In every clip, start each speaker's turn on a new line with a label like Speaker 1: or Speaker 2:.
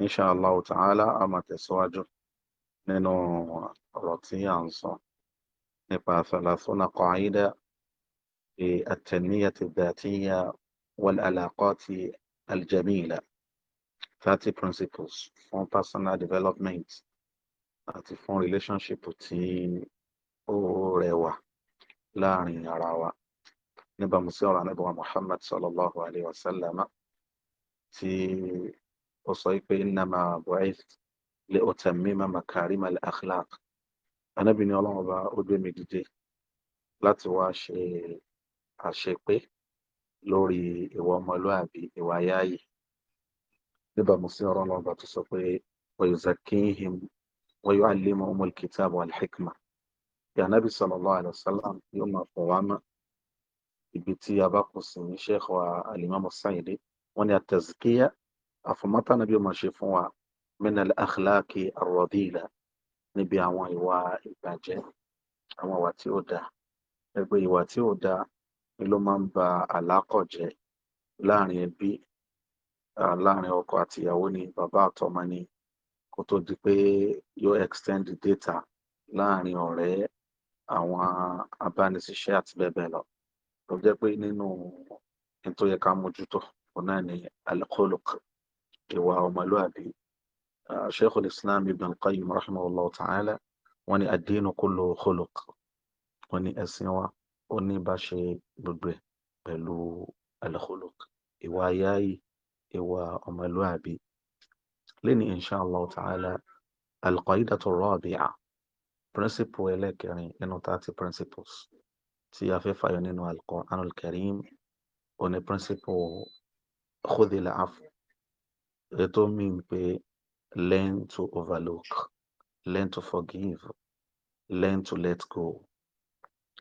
Speaker 1: insha Allah ta'ala a máa tẹ̀síwájú nínú ọ̀rọ̀ tí à ń sọ nípa thalathuna qaida fi at-tanmiyah adh-dhatiyyah wal alaqat al thirty principles fún personal development àti fún relationship tí ó rẹwà láàrin ara wa níbàámu sí ọ̀rọ̀ anábọ̀wá Muhammad sallallahu alayhi wa sallam tí ó sọ pé innama bu'ithtu li utammima makarimal akhlaq anábì ní ọlọ́run ọba ó gbé mi dìde láti wá ṣe àṣepé lórí ìwà ọmọlúàbí ìwà yáàyè níbàámu sí ọ̀rọ̀ ọlọ́run ọba tó sọ pé wa yuzakkihim wa yu'allimuhumul kitaba wal hikma yànàbí sallallahu alaihi wasallam yóò máa fọ̀ wá mọ́ ibi tí a bá kù sí ní sheikh wa alimami Sa'idi wọ́n ní àtẹ̀síkíyà àfọmọ́tà náà bí ó máa ṣe fún wa minal akhlaqi arradila níbi àwọn ìwà ìbàjẹ́ àwọn ìwà tí ó dáa ẹgbẹ́ ìwà tí ó dáa ni ló máa ń ba àlákọ̀ láàrin ẹbí láàrin ọkọ àti ìyàwó ni bàbá àtọmọ ni kó tó di pé yóò extend data láàrin ọ̀rẹ́ àwọn abániṣiṣẹ́ àti bẹ́ẹ̀ bẹ́ẹ̀ lọ ló jẹ́ pé nínú ní tó yẹ ká mójútó òun náà ni alkolok ìwà ọmọlúwàbí sheikhul islam ibn al-qayyim rahimahullah ta'ala wọ́n ní ad-dinu kullu khuluq wọ́n ní ẹ̀sìn wa ó ní bá ṣe gbogbo ẹ̀ pẹ̀lú al-khuluq ìwà yáàyè ìwà ọmọlúwàbí lẹ́ni insha allah ta'ala al-qaidatu ar-rabi'a principle ẹlẹ́kẹrin nínú thirty principles tí a fẹ́ fàyọ nínú al-Qur'an al-Karim ó ní principle khudhil They ètò mean pé learn to overlook learn to forgive learn to let go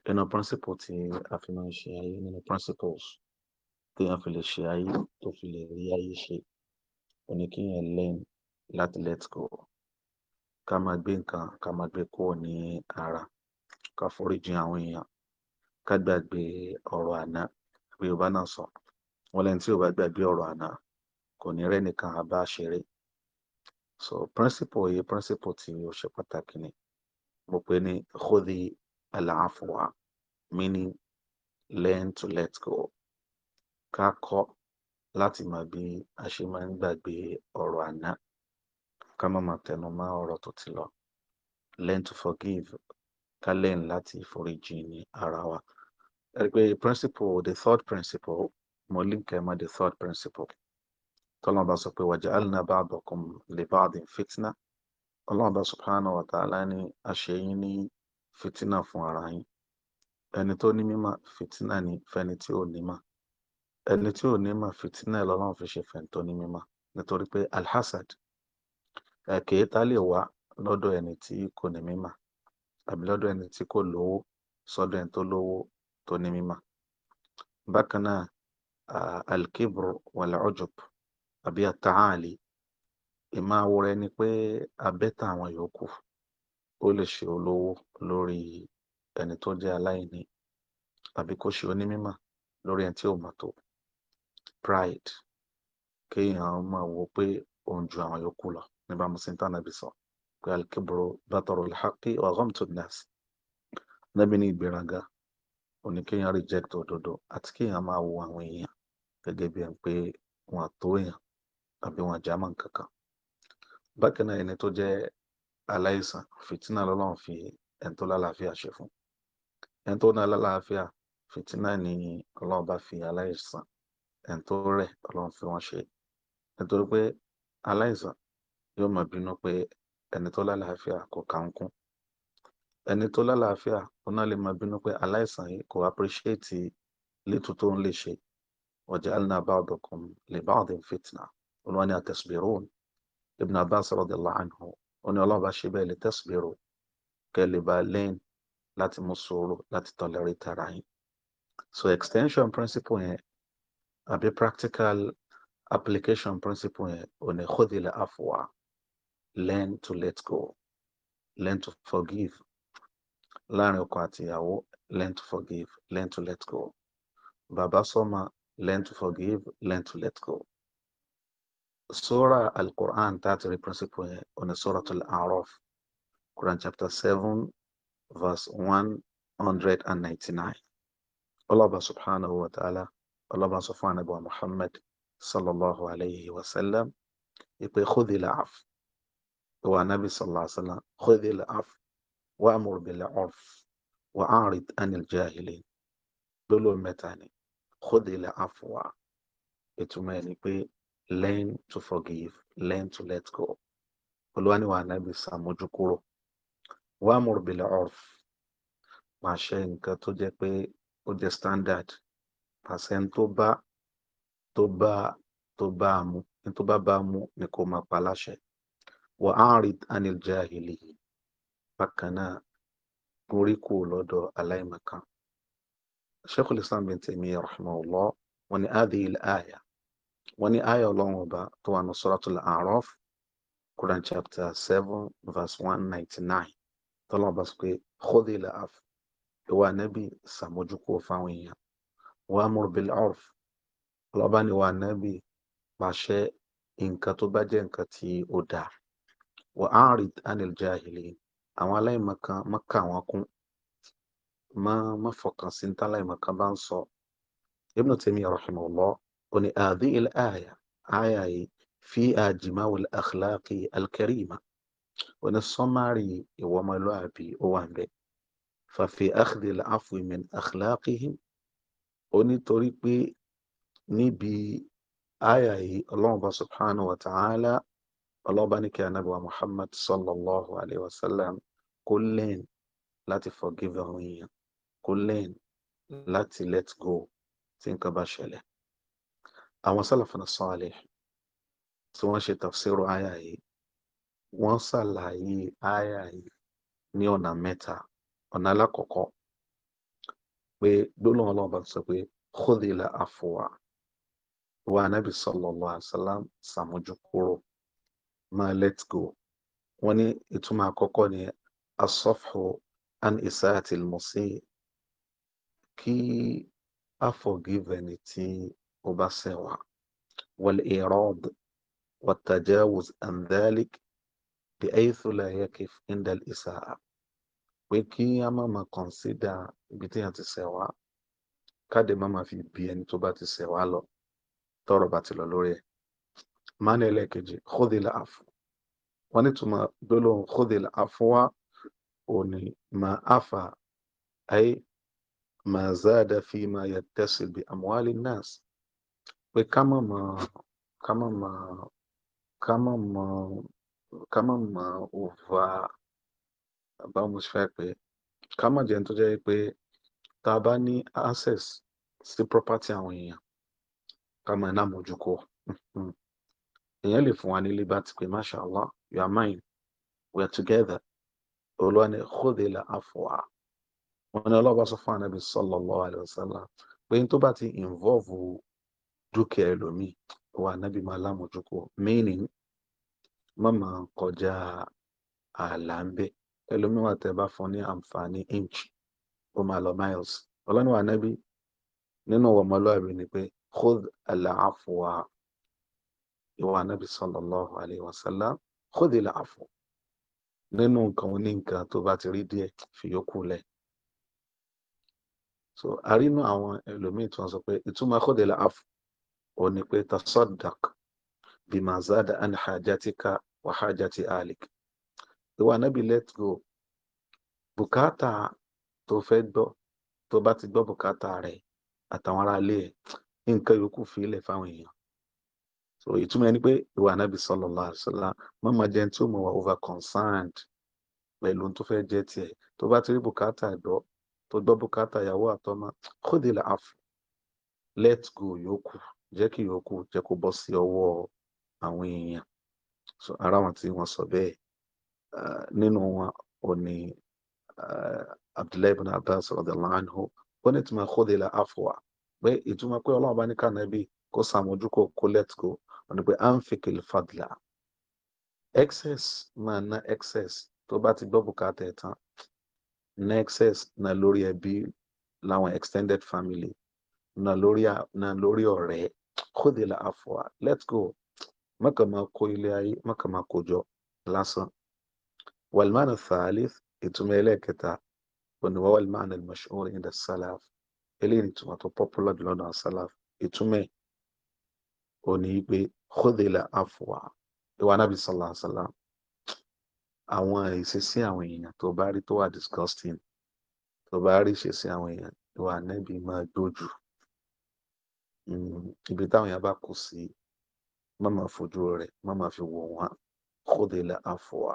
Speaker 1: You know principle tí a fi máa ń ṣe ayé nínú principles tí a fi lè ṣe ayé tó fi lè rí ayé ṣe ò ní kí yẹn learn láti let go ká máa gbé nǹkan ká máa gbé kúrò ní ara ká foríjì àwọn èèyàn ká gbàgbé ọ̀rọ̀ àná bí Yorùbá náà sọ wọn lẹni tí ò bá gbàgbé ọ̀rọ̀ àná kò ní rẹ́ nìkan àbá ṣeré so principle yìí principle tí ó ṣe pàtàkì ni mo pè ní khudi al meaning learn to let go ká kọ́ láti mọ bí a ṣe máa ń gbàgbé ọ̀rọ̀ àná ká má máa tẹnu mọ́ ọ̀rọ̀ tó ti lọ learn to forgive ká learn láti foríjì ní ara wa. Ẹ rí principle the third principle mo link ẹ mọ́ the third principle tọ́lọ́ba sọ pé waja'alna ba'dakum li ba'din fitna ọlọ́ọ̀bá subhanahu wa ta'ala ni a ṣe yín ní fìtínà fún ara yín ẹni tó ní mímọ̀ fìtínà ni fẹni tí ò ní mọ̀ ẹni tí ò ní mọ̀ fìtínà lọ́lọ́run fi ṣe fẹni tó ní mímọ̀ nítorí pé alhassad ẹ̀kẹ́ ta lè wá lọ́dọ̀ ẹni tí kò ní mímọ̀ àbí lọ́dọ̀ ẹni tí kò lówó sọ́dọ̀ ẹni tó lówó tó ní mímọ̀ bákan náà alkibru wal ujub àbí àtàhálì ìmáa wọra ẹni pé a bẹ́tà àwọn yòókù ó lè ṣe olówó lórí ẹni tó jẹ́ aláìní àbí kó ṣe onímímọ̀ lórí ẹni tí ò mọ̀ tó pride kéèyàn máa wo pé òun ju àwọn yòókù lọ nígbà mùsùlùmí tánàbí sọ pé alikibro bàtọrọ lhaqi wa ghamtu nas níbi ní ìgbéraga ó ní kéèyàn reject òdodo àti kéèyàn máa wo àwọn èèyàn gẹ́gẹ́ bí ẹni pé wọn àtó èèyàn àbí wọn já mọ́ nǹkan kan bákan náà ẹni tó jẹ́ aláìsàn fìtínà lọ́lọ́run fi ẹni tó lálàáfíà ṣe fún ẹni tó náà lálàáfíà fìtínà ni ọlọ́run bá fi aláìsàn ẹni tó rẹ̀ ọlọ́run fi wọ́n ṣe nítorí pé aláìsàn yóò máa bínú pé ẹni tó lálàáfíà kò kàńkún ẹni tó lálàáfíà ó náà lè máa bínú pé aláìsàn yìí kò apíríṣẹ́ẹ̀tì létò tó ń lè ṣe ọjà alina bá ọdọkùn lè bá ọdún fìtínà òun ni ابن Ibn رضي الله عنه، ó الله ọlọ́run bá ṣe bẹ́ẹ̀ lè tẹ̀sùbẹ̀rún kẹ́ lè bá lẹ́yìn láti so extension principle yẹn àbí practical application principle yẹn òun ni khudhil learn to let go learn to forgive láàrin ọkọ àti learn to forgive learn to let go bàbá sọ́mọ learn to forgive learn to let go sora al-Qur'an tààtìrí principle yẹn ọ̀nà Suratul A'raf Quran chapter seven verse one hundred and ninety nine ọlọ́ba subhanahu wa ta'ala ọlọ́ba sọ fún anabi wa Muhammad sallallahu alayhi wa sallam ìpè khudhil 'af ìwà anabi sallallahu alayhi wa sallam khudhil 'af wa'mur bil-'urf wa'arid 'anil jahilin lólórí mẹ́ta ni khudhil 'afwa ìtumọ̀ ẹ̀ learn to forgive learn to let go olùwàníwà anábì sàmójúkúrò wà múrùbílẹ ọrf máa ṣe nǹkan tó jẹ́ pé ó jẹ́ standard pàṣẹn tó bá tó bá tó bá mu ní tó bá bá mu ni kò máa pa láṣẹ wà áàrin anil jahili bákan náà gorí kù lọ́dọ̀ aláìmọ̀kan sheikhul islam bin taymiyyah rahimahullah wọn ni adìyẹ ayah wọ́n ní ayọ̀ ọlọ́run ọba tó wà ní Suratul A'raf Quran chapter seven verse one ninety nine tọ́lọ́ ọba sọ pé khudhi al-'af ìwà ànábì sàmójúkú fáwọn èèyàn wa'mur bil-'urf ọlọ́ba ni ìwà ànábì pàṣẹ nǹkan tó bá jẹ́ nǹkan tí ó dáa wa'arid 'anil jahilin àwọn aláìmọ̀kan má kà wọ́n kún má má fọkàn sí ní tá aláìmọ̀kan bá ń sọ Ibn Taymiyyah rahimahullah قل هذه الآية آية فيها جماع الأخلاق الكريمة ونصمري وملعبي وامري ففي أخذ العفو من أخلاقهم ونطريق نبي آية الله سبحانه وتعالى الله بانك يا نبوة محمد صلى الله عليه وسلم كلين لا forgive àwọn èèyàn kò learn láti let go tí nǹkan bá ṣẹlẹ̀ àwọn sálàfàna sọ́ọ̀lẹ̀ tí wọ́n ṣe tafsiru àyà yìí wọ́n ṣàlàyé àyà yìí ní ọ̀nà mẹ́ta ọ̀nà alákọ̀ọ́kọ́ pé gbólóhùn ọlọ́run bá sọ pé khudhil afwa wa anabi sallallahu alaihi wasallam sàmójúkúrò máa let go wọ́n ní ìtumọ̀ àkọ́kọ́ ni asọ́fù an isaati al-musi kí a forgive ẹni tí وبسيطة والإيراد والتجاوز عن ذلك بحيث لا يقف عند الإساءة وكي ما consider بتي أنت سوا كاد ما في بيان تبات سوا لو تربات لوري ما نلكجي خذ العفو ونتما دولون خذ العفو وني ما عفا أي ما زاد فيما يتصل بأموال الناس pé ká má mọ ká má mọ ká má mọ ká má mọ over báwo mo ṣe fẹ́ pé ká má jẹun tó jẹ́ pé tá a bá ní access sí property àwọn èèyàn ká má iná mójúkó hmm. èèyàn lè fún wa ní liberty pé masha allah you are mine we are together olúwa ni kódìlà àfọwà wọn ni ọlọ́wọ́ sọ fún anabi sallallahu alayhi wa sallam pé n tó bá ti involve dúkìá ẹlòmíì wa nábì máa lámójúkọ meaning má máa kọjá ààlà ń bẹ ẹlòmíì wà tẹ bá fún ní àǹfààní inch ó máa lọ miles ọlọ́niwà nábì nínú ọmọlúwàbí ni pé khud al ìwà nábì sallallahu alayhi wa sallam khud al-afwa nínú nǹkan oní nǹkan tó bá ti rí díẹ̀ fi yókù lẹ̀ so àrínú àwọn ẹlòmíì tí wọ́n sọ pé ìtumọ̀ khud al ó ní pé tasaddaq bima zada an hajatika wa hajati alik ìwà anábì let go bùkátà tó fẹ́ gbọ́ tó bá ti gbọ́ bùkátà rẹ̀ àtàwọn aráalé ẹ̀ nǹkan yòókù fi ilẹ̀ fáwọn èèyàn so ìtumọ̀ ẹni pé ìwà anábì sallallahu alaihi wasallam má máa jẹun tí ó mọ̀ wá over concerned pẹ̀lú tó fẹ́ jẹ́ tiẹ̀ tó bá ti rí bùkátà gbọ́ tó gbọ́ bùkátà ìyàwó àtọmọ khudil afu let go yòókù jẹ́ kí ìyókù jẹ́ kó bọ́ sí ọwọ́ àwọn èèyàn so ara wọn tí wọ́n sọ bẹ́ẹ̀ nínú wọn ò ní Abdullahi ibn Abbas radiyallahu anhu ó ní ìtumọ̀ khudhila afwa pé ìtumọ̀ pé ọlọ́run bá ní ká nàbí kó sàmójúkò kó let go wọn ni pé anfikil fadla excess máa ná excess tó bá ti gbọ́ bùkátà ẹ̀ tán ná excess ná lórí ẹbí láwọn extended family na lórí na lórí ọ̀rẹ́ kódìlà àfọwà let's go mọ́kàn máa kó ilé ayé mọ́kàn máa kó jọ lásán wàlmánà thalith ìtumọ̀ ẹlẹ́ẹ̀kẹta oníwà wàlmánà mashhur inda salaf eléyìí ni ìtumọ̀ tó popular jùlọ náà salaf ìtumọ̀ òní pé kódìlà àfọwà ìwà nàbì sallallahu alaihi wasallam àwọn ìṣesí àwọn èèyàn tó bá rí tó wà disgusting tó bá rí ìṣesí àwọn èèyàn ìwà nàbì máa gbójú. Mm, ibi táwọn yẹn bá kù sí má máa fojú rẹ má máa fi wò wọn kóde la àfọwà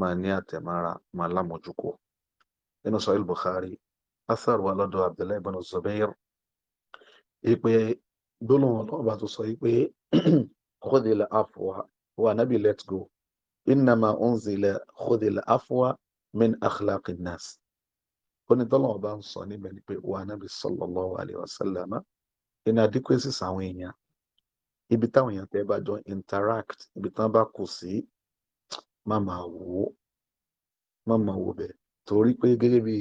Speaker 1: máa ní àtẹmára máa lámójúkọ nínú sahih bukhari asar wa abdullahi ibn zubair ipe gbólóhùn ọlọ́ọ̀bà tó sọ pé kóde la àfọwà wà nábì let go innama unzila kóde la àfọwà min akhlaqi nas onítọ́lọ́wọ́ bá ń sọ níbẹ̀ ni pé wà nábì sallallahu alayhi wa sallama inadequacies àwọn èèyàn ibi táwọn èèyàn tẹ́ bá jọ interact ibi tán bá kù sí má máa wò ó má máa wò bẹ́ẹ̀ torí pé gẹ́gẹ́ bí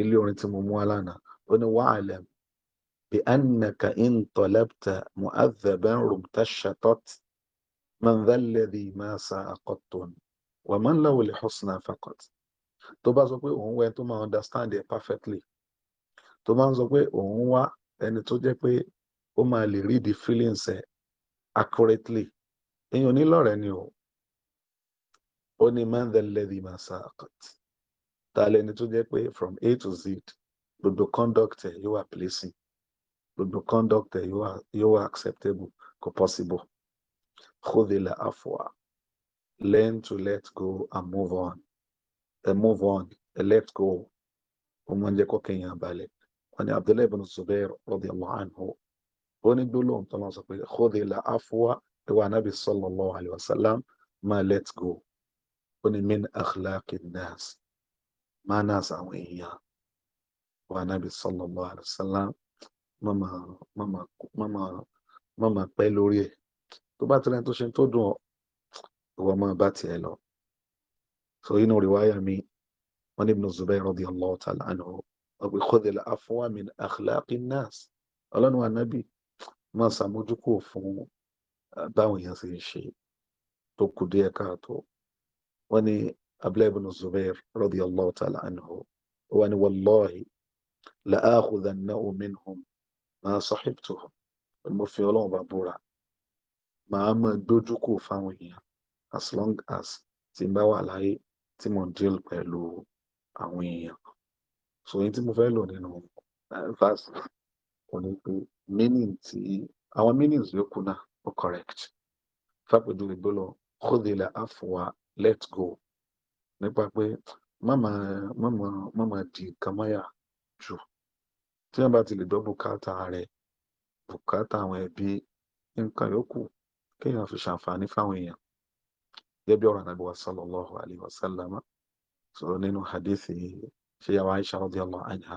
Speaker 1: ilé orin tí mo mú wá lánàá ó ní wa'lam bi annaka in talabta mu'adhaban rumta shatat man dha alladhi ma sa'aqatun wa man lahu al-husna faqat tó bá sọ pé òun wẹ́ tó máa understand it perfectly tó máa ń sọ pé òun wá ẹni tó jẹ́ pé ó máa lè read the feelings ẹ̀ accurately èèyàn nílọ̀rẹ́ ni o ó ní man the lady man sakat ta lẹni tó jẹ́ pé from A to Z gbogbo conduct ẹ̀ yóò wà pleasing gbogbo conduct ẹ̀ yóò wà acceptable kò possible khudila afwa learn to let go and move on And move on and let go ó máa ń jẹ́ kó kéèyàn balẹ̀ wọ́n ní Abdullahi ibn Zubair radiyallahu anhu ó ní gbólóhùn tó lọ́n sọ pé khudhi al-afwa ìwà anábì sallallahu alayhi wa sallam máa let go ó ní min akhlaqi nas manners àwọn èèyàn ìwà anábì sallallahu alayhi wa sallam mama mama mama mama pẹ́ lórí ẹ̀ tó bá tẹ̀lé tó ṣe tó dùn ọ́ ìwọ máa bá tiẹ̀ lọ. so inú rìwáyà mi wọ́n ibn Zubair radiyallahu ta'ala anhu ọ̀pẹ̀ kọ́dẹ̀lá afọ́wàmí akhlaqi nas ọlọ́run anábì máa ṣàmójúkò fún eh, báwọn èèyàn ṣe ń ṣe tó kù díẹ̀ káàtó wọ́n ní abdullahi ibn zubair radiyallahu ta'ala anhu wọ́n ní wallahi la'akhudannahu minhum ma sahibtuhum mo fi ọlọ́run bá búra màá máa dójúkò fáwọn èèyàn as long as tí bá wà láyé tí mo deal pẹ̀lú àwọn èèyàn sòyìn tí mo fẹ́ lò nínú verse kò ní pé meaning tí àwọn meanings yòókù náà ó correct fàpèjú ìgbélò kódìlà àfọwà let go nípa pé mama mama mama di kamaya jù tí wọn bá ti lè gbọ́ bùkátà rẹ bùkátà àwọn ẹbí nǹkan yòókù kéèyàn fi ṣàǹfààní fáwọn èèyàn gẹ́gẹ́ bí ọ̀rọ̀ ànábì wa sallallahu alayhi wa sallam sọ̀rọ̀ nínú hadithi yìí ṣe yàwó Aisha radiyallahu anha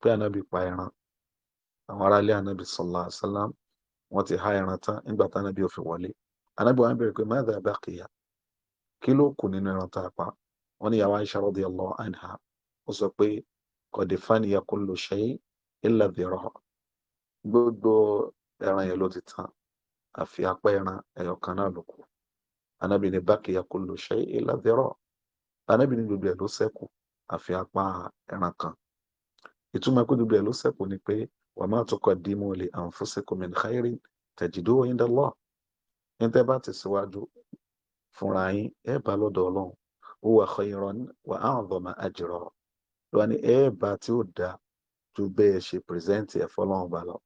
Speaker 1: pé anabi pa ẹran àwọn aráalé anabi sallallahu alaihi wasallam wọ́n ti há ẹran tán nígbà tí anabi ò fi wọlé anabi wọn bẹ̀rẹ̀ pé madha baqiya kí ló kù nínú ẹran tá a pa wọ́n ní yàwó Aisha radiyallahu anha ó sọ pé qad faniya kullu shay illa dhira gbogbo ẹran yẹn ló ti tán àfi apá ẹran ẹyọ kan náà ló kù anabi ní baqiya kullu shay illa dhira anabi ní gbogbo ẹ ló ṣẹ́kù àfi apá ẹran kan ìtumọ̀ pé gbogbo ẹ̀ ló sẹ́kù ni pé wa ma tuqaddimu li anfusikum min khairin tajiduhu inda Allah níta bá ti síwájú fúnra yín ẹ bá lọ́dọ̀ ọlọ́run huwa khairan wa a'dhama ajra lọ́wọ́ ni ẹ bá tí ó dáa ju bẹ́ẹ̀ ṣe pírẹsẹ́ǹtì ẹ̀ fọlọ́run bá lọ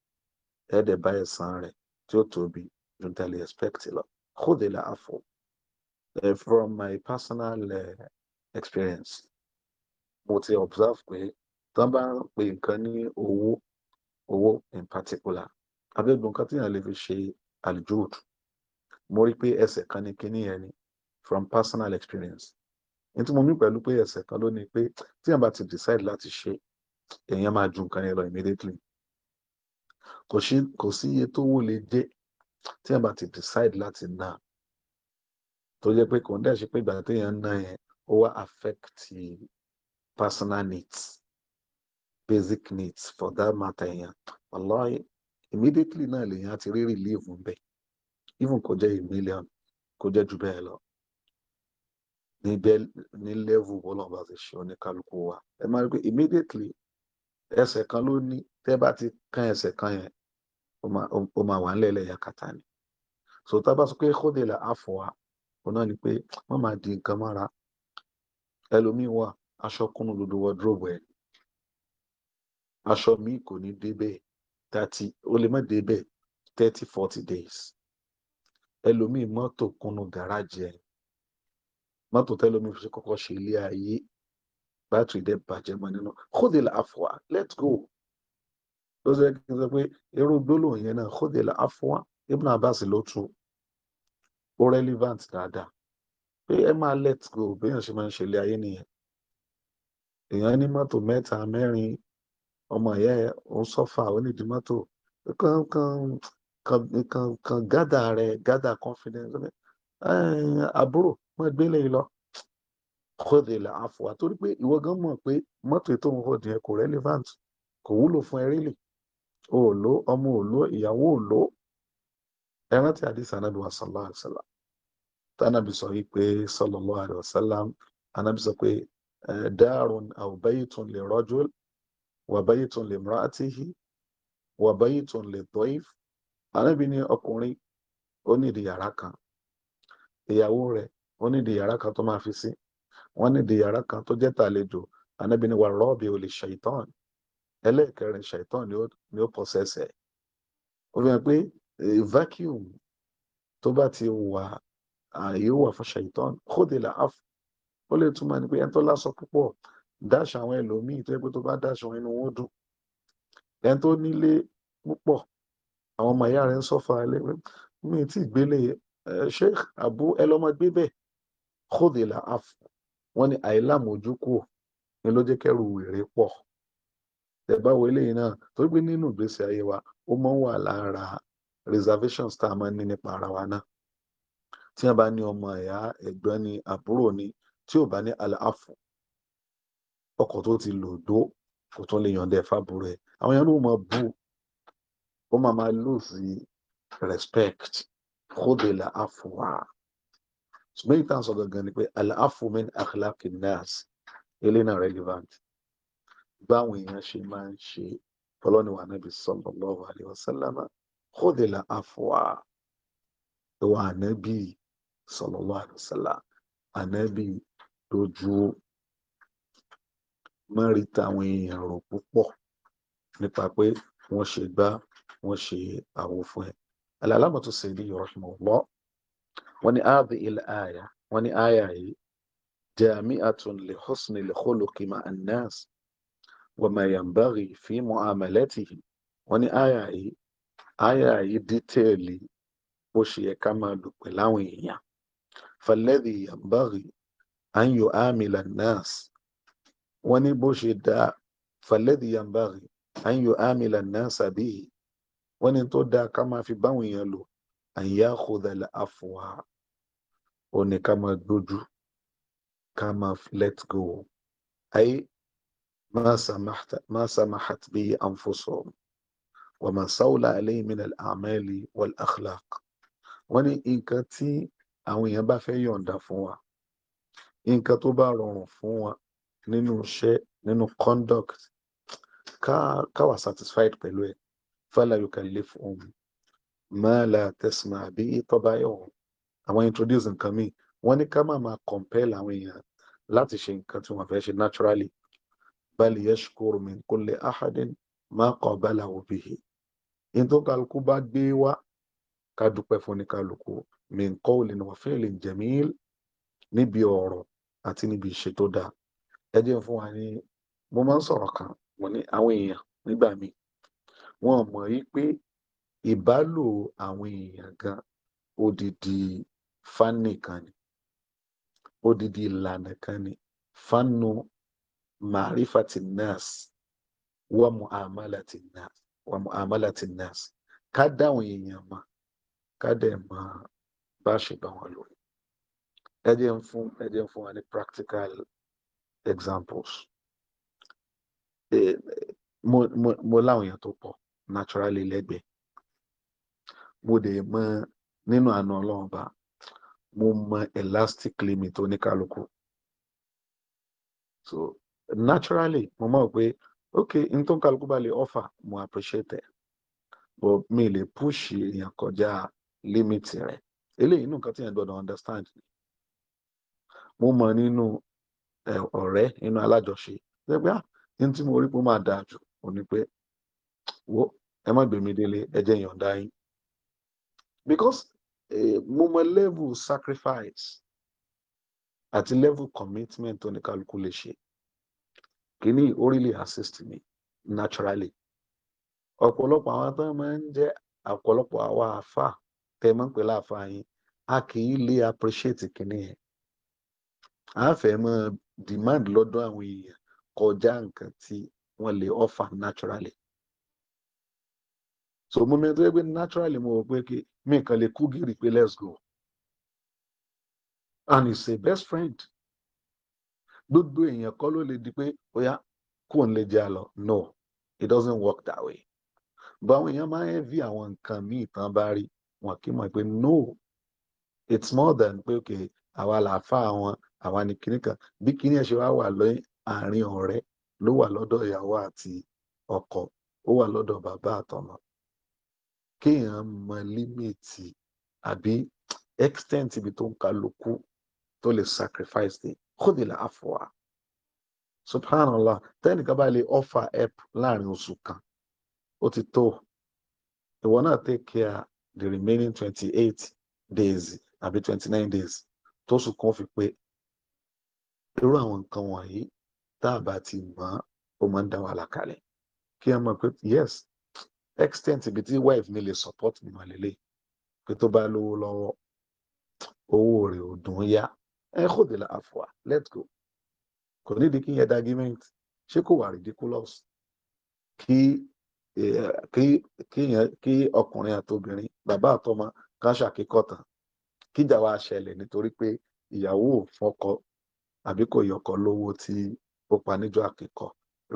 Speaker 1: ẹ dẹ̀ bá ẹ̀san rẹ̀ tí ó tóbi ju n tẹ̀lé expect lọ khudhil afu from my personal uh, experience mo ti observe pé tán bá ń pe nǹkan ní owó owó in particular abẹ́gun nǹkan tí èèyàn lè fi ṣe aljud mo rí pé ẹsẹ̀ kan ní kíní yẹn ni from personal experience ní tí mo mí pẹ̀lú pé ẹsẹ̀ kan ló ní pé tí èèyàn bá ti decide láti ṣe èèyàn máa ju nǹkan yẹn lọ immediately kò sí kò sí iye tó wó lè jẹ́ tí èèyàn bá ti decide láti ná tó jẹ́ pé kò ń dẹ̀ ṣe pé ìgbà téèyàn ń ná yẹn ó wá affect personal needs, basic needs for that matter yẹn. Wallahi, immediately náà lèyàn ti rí relief ń bẹ̀. Even kò a million, kò jẹ́ jù bẹ́ẹ̀ lọ. Níbẹ̀ ní level bọ́lá ọba ti ṣe oníkálukú wa. Ẹ máa rí immediately ese kan ló ní tẹ́ bá ti kan ẹsẹ̀ kan yẹn, ó máa wà nílẹ̀ lẹ́yà kàtà ni. So tá a bá sọ pé kódé là á ni pé wọ́n máa di nǹkan mọ́ra. Ẹlòmíì wà aṣọ kúnnú lódò wọdúróòbù ẹ aṣọ míì kò ní débẹ̀ thirty ó lè má débẹ̀ thirty forty days ẹlòmíì mọ́tò kúnnú gàrájì ẹ mọ́tò tẹlòmíì fi kọ́kọ́ ṣe ilé ayé bátìrì dẹ bàjẹ́ mọ́ nínú kóde la let's go ló sọ kí n sọ pé irú gbólóhùn yẹn náà kóde la afọwà Ibn Abbas ló tu ó relevant dáadáa pé ẹ máa let's go bí èèyàn ṣe máa ń ṣe ilé ayé nìyẹn èèyàn ní mọ́tò mẹ́ta mẹ́rin ọmọ ìyá ẹ̀ ó ń sọ́fà ó nídìí mọ́tò kan kan kan gada gádà rẹ̀ gádà confidence àbúrò mọ́ gbélé e lọ kọ́dé là á fò àtórí pé ìwọ gan mọ̀ pé mọ́tò ètò òun kò dín kò relevant kò wúlò fún ẹ rélì òòló ọmọ òòló ìyàwó òòló ẹ rántí àdìsí anábì wa sallallahu alaihi wasallam tánàbì sọ yìí pé sallallahu alaihi wasallam anábì sọ pé دار أو بيت لرجل وبيت لامرأته وبيت للضيف Ànábì ní ọkùnrin ó ní ìdí yàrá kan ìyàwó rẹ̀ ó ní ìdí yàrá kan tó máa fi sí wọ́n ní ìdí yàrá kan tó jẹ́ tàlejò Ànábì ní wà rọ́ọ̀bì olè ṣàìtàn ẹlẹ́ẹ̀kẹrin ṣàìtàn ni ó pọ̀sẹ̀sẹ̀ ó fi hàn pé eh, vacuum tó bá ti wà ah, yóò wà fún ṣàìtàn kódìlà áfù ó lè túmọ̀ ní pé ẹni tó lásọ púpọ̀ dáṣà àwọn ẹlòmíì tó yẹ pé tó bá dáṣà wọn inú wọn dùn ẹni tó nílé púpọ̀ àwọn ọmọ ìyá rẹ̀ ń sọ́fà alẹ́ mi tí ìgbélé sheikh abu ẹlọ́mọ gbé bẹ́ẹ̀ kódìlà af wọ́n ní àìlàmójúkù ni ló jẹ́ kẹ́rù wèrè pọ̀ ẹ̀báwo eléyìí náà tó gbé nínú ìgbésí ayé wa ó mọ́ ń wà lára reservations tá a máa ń ní nípa ara wa náà tí wọ́n bá ní ọmọ ìyá ẹ̀gbọ́n ni àbúrò ni tí ò bá ní àlàáfù ọkọ̀ tó ti lò dó kò tún lè yànda ẹ̀fà burú àwọn yẹn ló máa bú ó máa máa lose respect khudh al-afwa ṣùgbọ́n ìta sọ gangan ni pé al-afwu min akhlaqi an-nas elena relevant báwọn èèyàn ṣe máa ń ṣe fọlọ́niwà náà bí sallallahu alaihi wasallam khudh al-afwa ìwà ànábì sallallahu alaihi wasallam ànábì dojú mọ́ rí táwọn èèyàn rò púpọ̀ nípa pé wọ́n ṣe gbá wọ́n ṣe àwo fún ẹ al-Allamatu as-Sayyidi rahimahullah wọ́n ní hadhihi al-aya wọ́n ní aya yìí jami'atun li husni al-khuluqi ma'a an-nas wa ma yanbaghi fi mu'amalatihim wọ́n ní aya yìí aya yìí dítẹ́ẹ̀lì bó ṣe yẹ ká máa lò pẹ̀láwọn èèyàn falladhi yanbaghi an yu'amila an-nas wọ́n ní bó ṣe dá falladhi yanbaghi an yu'amila an-nas bihi wọ́n ní tó dáa ká máa fi báwọn èèyàn lò an ya'khudha al-afwa ó ní ká máa gbójú ká máa let go ayé ما سمحت به أنفسهم وما سول عليه من الأعمال والأخلاق wọ́n ní nǹkan tí àwọn èèyàn bá fẹ́ yọ̀ǹda fún wa nǹkan tó bá rọrùn fún wọn nínú iṣẹ́ nínú conduct ká wà satisfied pẹ̀lú ẹ̀ fala yukallifuhum ma la tasma bí tọ́ba yọ̀ wọ́n àwọn introduce nǹkan míì wọ́n ní ká má máa compel àwọn èèyàn láti ṣe nǹkan tí wọ́n fẹ́ ṣe naturally bal yashkuru min kulli ahadin ma qabalahu bihi in tó kálukú bá gbé wá ká dúpẹ́ fún ní kálukú min qawlin wa fi'lin jamil níbi ọ̀rọ̀ àti níbi ìṣe tó dáa ẹ jẹ́ fún wa ní mo máa ń sọ̀rọ̀ kan mo ní àwọn èèyàn nígbà míì wọn mọ̀ yí pé ìbálò àwọn èèyàn gan odidi fani kan ni odidi ìlànà kan ni fanu ma'rifati nas wa mu'amalati nas wa mu'amalati nas ká dáwọn èèyàn mọ̀ ká dẹ̀ mọ̀ bá ṣe bá wọn lò ẹ jẹ́ ń fún ẹ jẹ́ ń practical examples mo mo mo láwọn èèyàn tó pọ̀ naturally lẹ́gbẹ̀ẹ́ mo dẹ̀ mọ nínú àna ọlọ́run bá mo mọ elastic limit oníkálukú so naturally mo mọ̀ pé ok n tó ń kálukú bá offer mo appreciate ẹ̀ but mi lè push èèyàn kọjá limit rẹ̀ eléyìí inú nǹkan tí yẹn gbọ́dọ̀ understand ni mo mọ̀ nínú ọ̀rẹ́ nínú alájọṣe ṣe pé ah ní tí mo rí pé ó máa dáa jù ó ní pé wo ẹ má gbèmí délé ẹ yín because mo mọ̀ level sacrifice àti level commitment oníkálukú lè ṣe kìíní ó really assist me naturally ọ̀pọ̀lọpọ̀ àwọn tó máa ń jẹ́ ọ̀pọ̀lọpọ̀ àwa àáfà tẹ́ máa ń pè láàfà yín a kì í lè appreciate kìíní yẹn a fẹ́ demand lọ́dọ̀ àwọn èèyàn kọjá nǹkan tí wọ́n lè offer naturally so mo mẹ́rin tó naturally mo rò pé kí mi kàn lè kú gírì pé let's go and he's a best friend gbogbo èèyàn kọ́ ló lè di pé Oya, yá kò ń lè jẹ́ àlọ́ no it doesn't work that way but àwọn èèyàn máa ń envy àwọn nǹkan míì tán bá rí wọn kì mọ̀ pé no it's more than pé okay àwa làáfà àwọn àwa ni kinní kan bí kinní ẹ̀ ṣe wá wà lọ àárín ọ̀rẹ́ ló wà lọ́dọ̀ ìyàwó àti ọkọ ó wà lọ́dọ̀ bàbá àtọmọ kéèyàn mọ límìtì àbí extent ibi tó ń kálukú tó lè sacrifice dé kódìlà àfọwà subhanallah tẹnìkan bá lè offer help láàrin oṣù kan ó ti tó ìwọ náà take care the remaining twenty eight days àbí twenty nine days tó sùn kan fi pé irú àwọn nǹkan wọ̀nyí tá a bá ti mọ̀ ó máa ń dá wàhálà kalẹ̀ kí ẹ mọ̀ pé yes extent ibi tí wife mi lè support mi mọ̀ lélẹ̀ pé tó bá lówó lọ́wọ́ owó rẹ̀ ò dùn yá ẹ kò dé la àfọwà let's go kò nídìí kí n yẹ dagiment ṣé kò wà ridiculous kí kí kíyàn kí ọkùnrin àtobìnrin bàbá àtọmọ kan ṣàkíkọ tán kíjà wa ṣẹlẹ̀ nítorí pé ìyàwó ò fọkọ àbí kò yọkọ lówó tí ó pa níjọ àkíkọ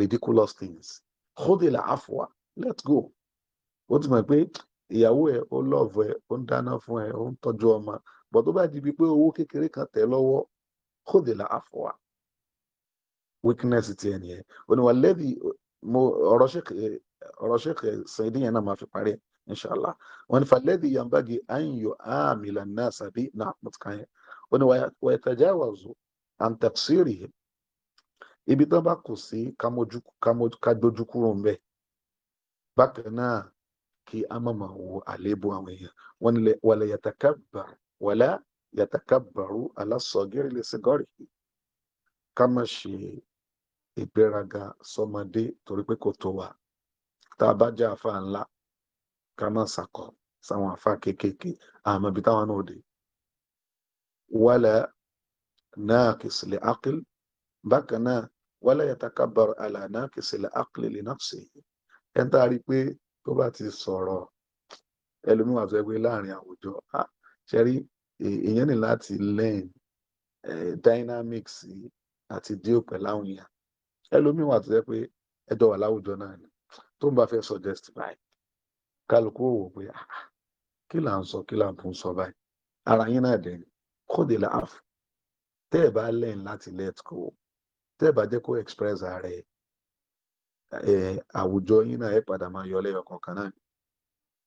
Speaker 1: ridiculous things kódìlà àfọwà let's go ó ti mọ̀ pé ìyàwó ẹ̀ ó lọ́ọ̀fù ẹ̀ ó ń dáná fún ẹ̀ ó ń tọ́jú ọmọ bọ̀ tó bá di bíi pé owó kékeré kan tẹ̀ lọ́wọ́ kódìlà àfọwà weakness ti ẹ̀ nìyẹn oníwà lẹ́bi mo ọ̀rọ̀ ṣe ọ̀rọ̀ ṣe sẹ́yìn yẹn náà máa fi parí inṣàlá wọn ni falẹ́bi yambagi ayin yo amila nasa bi na mutkan yẹn oníwà wẹ̀tẹ̀jáwàzù antafsirihim ibi tó bá kù sí kágbójú kúrò ń bẹ bákan náà kí a má máa wo àléébù àwọn èèyàn wọn ni wàlẹ yàtàkàbà wàlẹ yàtàkàbàrú alásọgẹrì lẹsẹgọrì ká má ṣe ìgbéraga sọmọdé torí pé kò tó wa tá a bá jẹ àfa ńlá ká má sàkọ sáwọn àfa kéékèèké àmọ́ ibi táwọn náà dé wàlẹ ناقص لعقل bákan náà wala yatakabar ala naqis al-aql li nafsihi ẹni tá a rí i pé tó bá ti sọ̀rọ̀ ẹlòmíwà fẹ́ gbé láàrin àwùjọ ṣẹ́rí ìyẹn ní láti learn dynamics àti deal pẹ̀lú àwọn èèyàn ẹlòmíwà tó jẹ́ pé ẹjọ́ wà láwùjọ náà ni tó ń bá fẹ́ suggest báyìí kálukú wò pé kí là ń sọ kí là ń fún sọ báyìí ara yín náà dẹ̀ ni kóde là tẹ́ ẹ̀ bá learn láti let go tẹ́ ẹ̀ bá jẹ́ kó express ara ẹ̀ àwùjọ yín náà ẹ̀ padà máa yọ lẹ́yọ kankan náà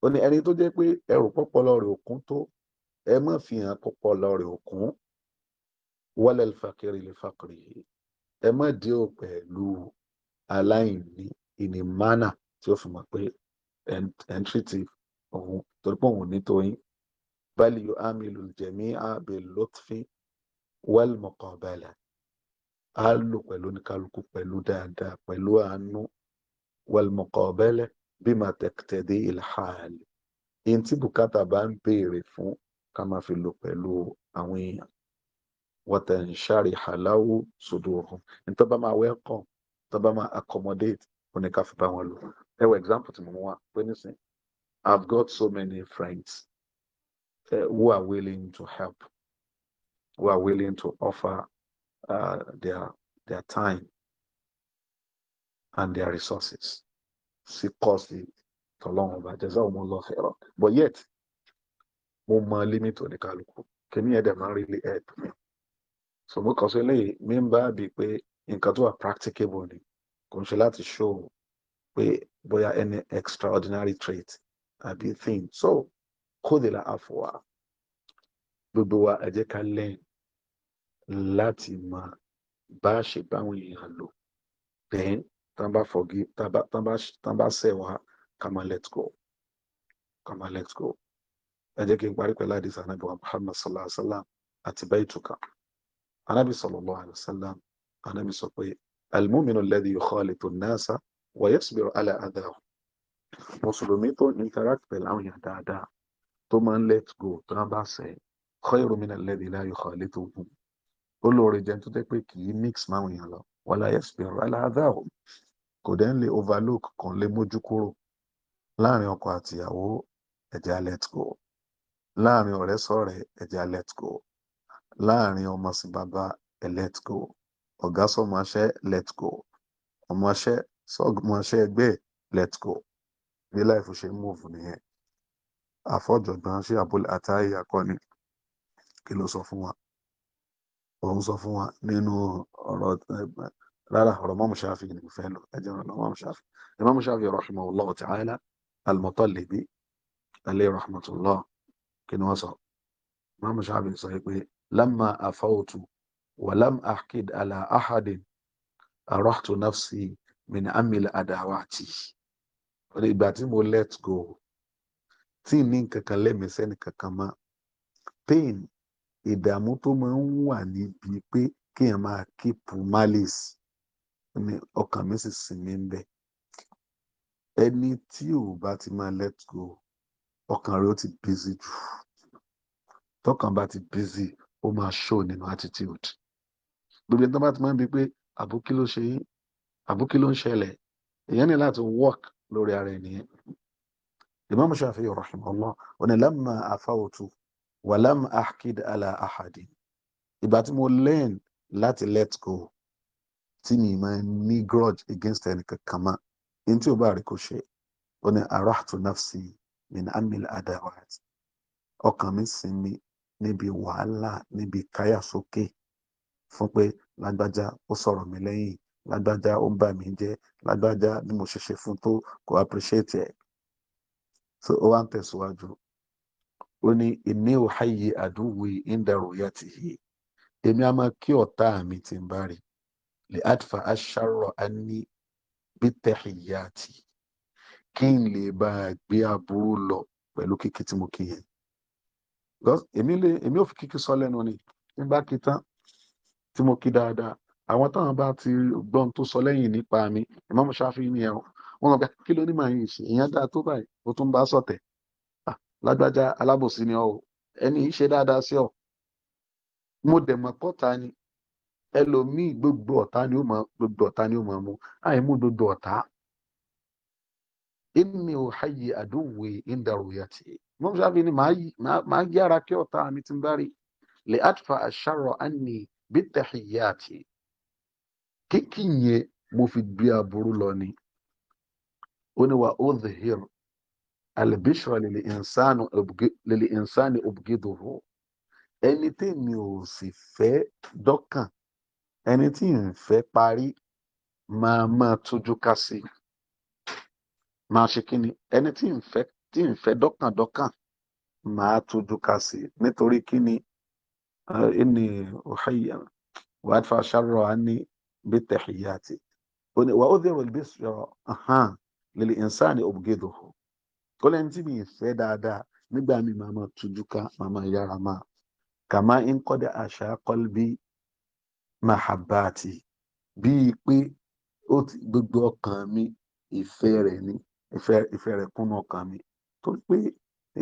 Speaker 1: ó ní ẹni tó jẹ́ pé ẹrù pọ́pọ́lọ́ rẹ̀ òkun tó ẹ má fi hàn pọ́pọ́lọ́ rẹ̀ òkun wala al-faqiri li faqrihi ẹ má dé o pẹ̀lú aláìní ìnìmánà tí ó fi mọ̀ pé ẹ̀ńtírìtì òun torí òun ní tóyín bal yu'amilu al-jami'a bil-lutfi wal muqabala á lò pẹ̀lú oníkálukú pẹ̀lú dáadáa pẹ̀lú àánú wal muqabala bima taqtadi al-hal èyí tí bùkátà bá ń béèrè fún ká máa fi lò pẹ̀lú àwọn èèyàn watanshariha lahu suduruhum ní tó bá máa welcome tó bá máa accommodate oníkàfẹ́ bá wọn lò ẹ wọ example tí mo mú wá pé nísìnyí I've got so many friends uh, who are willing to help who are willing to offer uh, their their time and their resources. Sikosi tọlọ́run bá jazakumullahu khairan. But yet, mo mọ limit oníkálukú. Kìíní ẹ̀dẹ̀ máa really help me. So mo kàn sí eléyìí, mi ń bá bíi pé tó practicable ni. Kò ń ṣe láti show we bóyá any extraordinary trait àbí thing. So kódìlà àfọwà. Gbogbo wa ẹ jẹ́ ká learn láti mọ bá a ṣe báwọn èèyàn lò then tán bá forgive tán bá ṣẹ̀ wá ká máa go ká let's go ẹ jẹ́ kí n parí pẹ̀lú àdìsá anábì wa muhammad sallallahu alayhi wa sallam àti bẹ́ẹ̀ ìtùkà anábì sallallahu alayhi wa sallam anábì sọ pé almuminu alladhi yukhalitu an-nasa wa yasbiru ala adahum mùsùlùmí tó interact pẹ̀lú àwọn èèyàn dáadáa tó máa ń let go tó bá ṣẹ̀ khairu min alladhi la yukhalitu ó lóore jẹun tó jẹ́ pé kì í mix máwọn èèyàn lọ wàlá yẹsùpẹ̀rù aláàdá ò kò dẹ́ ń lè overlook kan lè mójú kúrò láàrin ọkọ àtìyàwó ẹ̀jẹ̀ let go láàrin ọ̀rẹ́ sọ̀rẹ́ ẹ̀jẹ̀ let go láàrin ọmọ sí bàbá ẹ̀ let go ọ̀gá sọmọṣẹ́ let go ọmọṣẹ́ sọmọṣẹ́ ẹgbẹ́ let go bí láìfò ṣe move nìyẹn àfọ̀jọ̀gbọ́n ṣé àbúlé àtàyè akọni kí ló sọ fún wa òun sọ fún wa nínú ọ̀rọ̀ rárá ọ̀rọ̀ mọ́mù ṣáfì ni mo fẹ́ lọ ẹjẹ́ ọ̀rọ̀ mọ́mù ṣáfì ìmọ̀mù ṣáfì rahimahullahu ta'ala al-Mutallibi alayhi rahmatullah kí ni wọ́n sọ mọ́mù ṣáfì sọ pé lamma afawtu wa lam ahkid ala ahadin arahtu nafsi min amil adawati ìgbà tí mo let go tí ní nǹkan lẹ́mìí sẹ́ni kankan mọ́ pain ìdààmú tó máa ń wà níbi pé kéèyàn máa kíìpù malice ni ọkàn mi sì sinmi ń bẹ ẹni tí ò bá ti máa let go ọkàn rẹ ó ti busy jù tọkàn bá ti busy ó máa show nínú attitude gbogbo ẹni tó bá ti máa ń bi pé àbúkí ló ṣe yín àbúkí ló ń ṣẹlẹ̀ èèyàn ní láti work lórí ara ènìyàn Imam Shafi'i rahimahullah ó ní lamma afawtu wàlámù akid ala ahadi ìgbà tí mo learn láti let go tí mi máa ní grudge against ẹnì kankan mọ́ ní tí o bá rí kò ṣe ó ní arahtu nafsi min amil adawat ọkàn mi sinmi níbi wàhálà níbi káyà sókè fún pé lágbájá ó sọ̀rọ̀ mi lẹ́yìn lágbájá ó bà mí jẹ́ lágbájá ni mo ṣe fún tó kò appreciate ẹ̀ so ó wá ń tẹ̀síwájú ó ní ìní òháyè àdúwì ìndàrúyà ti yé èmi a máa kí ọ̀tá mi ti ń bá rí lè adfa aṣáró a ní bítẹ̀hìyà ti kí n lè bá a gbé aburú lọ pẹ̀lú kíkí tí mo kí yẹn èmi lè èmi ò fi kíkí sọ lẹ́nu ni nígbà kí tán tí mo kí dáadáa àwọn táwọn bá ti gbọ́n tó sọ lẹ́yìn nípa mi ìmọ̀mù ṣáfi ni ẹ̀ wọ́n gbà kí ló ní màá yìí ṣe ìyẹn dáa tó báyìí ó tún bá sọ̀tẹ̀ lágbájá alábòsí ni ọ o ẹni ṣe dáadáa sí ọ mo dẹ̀ mọ̀ pọ́ta ni ẹlòmíì gbogbo ọ̀tá ni ó mọ gbogbo ọ̀tá ni ó mọ mu àìmú gbogbo ọ̀tá inni o hayi àdúwò ìdàrúyàtì mo sábì ni màá yára kí ọ̀tá mi ti ń bá rí lè àtfà àṣàrọ̀ àní bí tẹ̀hìyàtì kíkì yẹn mo fi gbé aburú lọ ni ó ní wa ó the alibishra للإنسان insani obgidoro ẹni tí mi ò sì fẹ́ dọ́kàn ẹni tí n fẹ́ parí máa máa tójú ká sí máa ṣe kí ni ẹni tí n fẹ́ tí n fẹ́ dọ́kàndọ́kàn máa tójú ká sí nítorí kí ni ẹni ọ̀hẹ́yà wàá fa ṣàrọ̀ á ní bí tẹ̀hìyà ti wàá ó dẹ̀rọ̀ bí sọ̀rọ̀ lili insani obgidoro kọ́lẹ́ ní tí mi fẹ́ dáadáa nígbà mi màá máa tujú ká màá máa yára máa kàmá ń kọ́dẹ̀ àṣà kọ́lbí mahabati bíi pé ó ti gbogbo ọkàn mi ìfẹ́ rẹ̀ ni ìfẹ́ rẹ̀ kúnnú ọkàn mi tó pé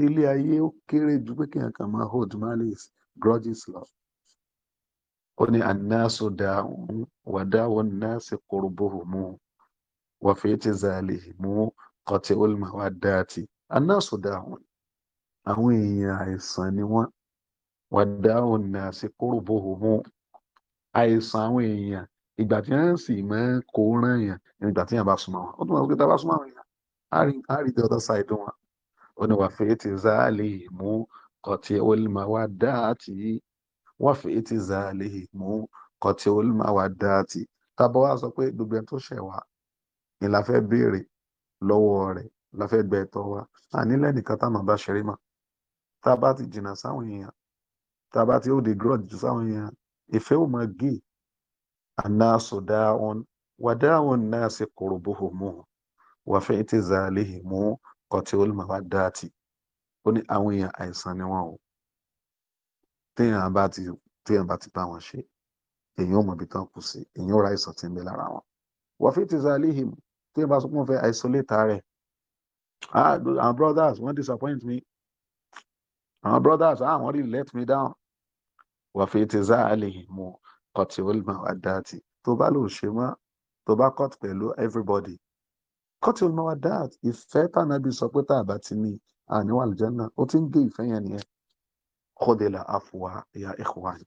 Speaker 1: ilé ayé ó kéré ju pé kí nǹkan máa hold malice grudges lọ. ó ní anáṣọ dáhùn wàdáwọ̀ náà sì kúrò bóhùn mú wàfẹ́ tí zàlè mú قطع الموادات الناس داعون àwọn èèyàn àìsàn ni wọn wàdáhùn náà sí kúrúbùhùmù àìsàn àwọn èèyàn ìgbà tí wọn sì máa ń kó ràn yàn ìgbà tí yàn bá súnmọ́ wọn ó tún máa ń pè tá a bá súnmọ́ àwọn èèyàn á rí the other side wọn ó ní wàá fèé ti záàlì mú kọtí olùmọ wa dá àti wàá fèé ti záàlì mú kọtí olùmọ wa dá àti tábọ wá sọ pé gbogbo ẹni tó ṣẹ̀ wá ni la fẹ́ béèrè lọ́wọ́ rẹ̀ la fẹ́ gba ẹ̀tọ́ wa ànílẹ̀ nìkan tá a máa bá ṣeré mà tá a bá ti jìnnà sáwọn èèyàn tá a bá ti òde grudge jù sáwọn èèyàn ìfẹ́ ò máa gé ànáṣọ dáhùn wàdáhùn náà sì kúrò bóhùn mú wàfẹ́ ètè zàlẹ́hìn mú kọtí olùmọ̀wádàtì ó ní àwọn èèyàn àìsàn ni wọn o téèyàn bá ti téèyàn bá ti bá wọn ṣe èèyàn ò mọ̀ ibi tán kù sí èèyàn ò ra àìsàn ń bẹ lára wọn wàfẹ́ ètè zàlẹ́hìn mú tí ẹ bá sọ pé wọ́n fẹ́ isolate rẹ̀ ah, àwọn brothers wọ́n disappoint me àwọn brothers àwọn ah, really let me down wàfẹ́ ti zá àlehìn mu kọ̀tì olùmọ̀ àdáàtì tó bá lò ṣe mọ́ tó bá cut pẹ̀lú everybody kọ́tì olùmọ̀ àdáàtì ìfẹ́ tànàbí sọ pé tá a bá ti ní àníwá àlùjànnà ó ti ń gé ìfẹ́ yẹn nìyẹn kọ́dẹ̀là àfùwà ya ikhwan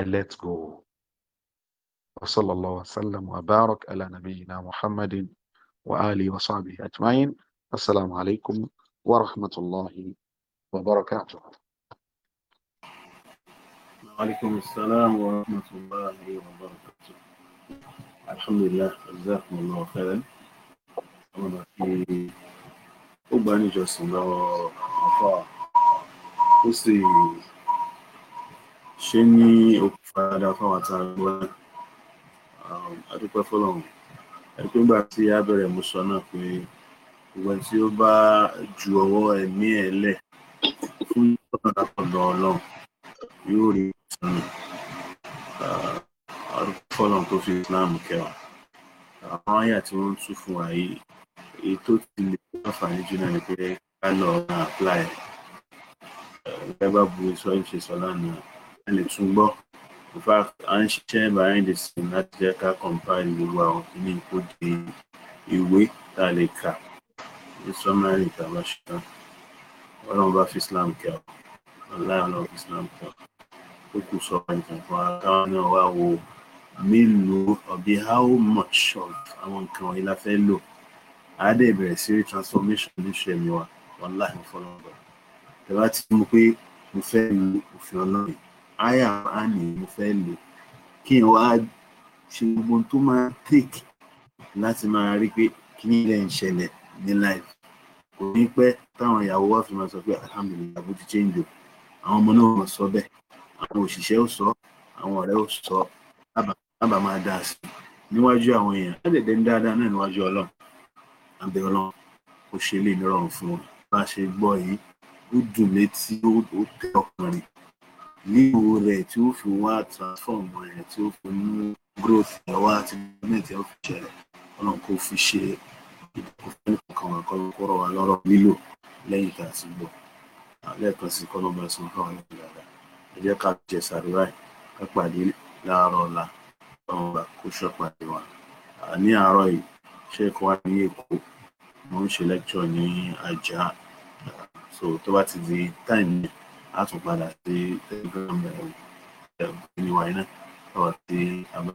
Speaker 1: ẹ let go. وصلى الله وسلم وبارك على نبينا محمد وآله وصحبه أجمعين السلام عليكم ورحمة الله وبركاته
Speaker 2: وعليكم السلام ورحمة الله وبركاته الحمد لله جزاكم الله خيرا أنا في أباني جوسنا وفاء ó sì ṣe ní òkúfa adúpẹ́ fọlọ́run ẹgbẹ́ gbà tí a bẹ̀rẹ̀ mo sọ náà pé ìwẹ̀ tí ó bá ju ọwọ́ ẹ̀mí ẹ̀ lẹ̀ fún ìtọ́nà ọ̀dọ̀ ọlọ́run yóò rí ìtọ́nà adúpẹ́ ah, fọlọ́run tó fi Islam kẹwàá àwọn àyà tí wọ́n ń tú fún wa yìí èyí tó ti lè láǹfààní jù náà ni pé ká lọ máa apply ẹ̀ eh, lẹ́gbàá bu sọ́yìn ṣe sọ lánàá ẹ lè tún gbọ́ in fact à ń ṣiṣẹ́ behind the scene láti jẹ́ ká compile gbogbo àwọn kìíní kó di ìwé tá a lè kà ní summary international ọlọ́run bá fi Islam kẹ́ ọ ọláyà ọlọ́run fi Islam kẹ́ ọ ó kù sọ nǹkan kan akáwọn náà wá wo mélòó ọbí how much of àwọn nǹkan wọ̀nyí la fẹ́ lò á dẹ̀ bẹ̀rẹ̀ sí rí transformation níṣẹ́ mi wa wàhálà ìfọlọ́gbà ẹ bá ti mú pé mo fẹ́ lu òfin ọlọ́run àyà á ní mo fẹ́ lò kí n wá ṣe gbogbo tó máa take láti máa rí pé kí ní ilẹ̀ ń ṣẹlẹ̀ ní life kò ní pẹ́ táwọn ìyàwó wa fi máa sọ pé alhamdulilayi bó ti change o àwọn ọmọ náà sọ bẹ́ẹ̀ àwọn òṣìṣẹ́ ò sọ àwọn ọ̀rẹ́ ò sọ lábà máa dá sí níwájú àwọn èèyàn lẹ́dẹ̀ẹ́dẹ́ ń dáadáa náà níwájú ọlọ́run àbẹ̀ ọlọ́run kò ṣe lè nírọ̀rùn fún wọn bá a ṣe gbọ́ yìí ó dùn létí ó tẹ ọkàn níwò rẹ̀ tí ó fi wá transform rẹ̀ tí ó fi mú growth rẹ̀ wá tí gọ́ọ̀mẹ̀ntì ó fi ṣẹlẹ̀ ọlọ́run kò fi ṣe ìdókòwò fẹ́ni kankan wà kọ́rọ̀ wà lọ́rọ̀ lílò lẹ́yìn tá a ti gbọ́ lẹ́ẹ̀kan sí kọ́nà bá sọ fún àwọn ẹ̀yìn dáadáa ẹ jẹ́ ká jẹ sàrúrà ẹ̀ ká pàdé láàárọ̀ ọ̀la ọ̀run ọ̀la kó ṣọ́ pàdé wa ní àárọ̀ yìí ṣé ẹ̀kọ́ wa ní èkó mo ń ṣe lecture ní ajá so tó bá ti di time yẹn á tún padà sí telegram ẹ̀rọ ìwà iná ọ̀tí àmọ́.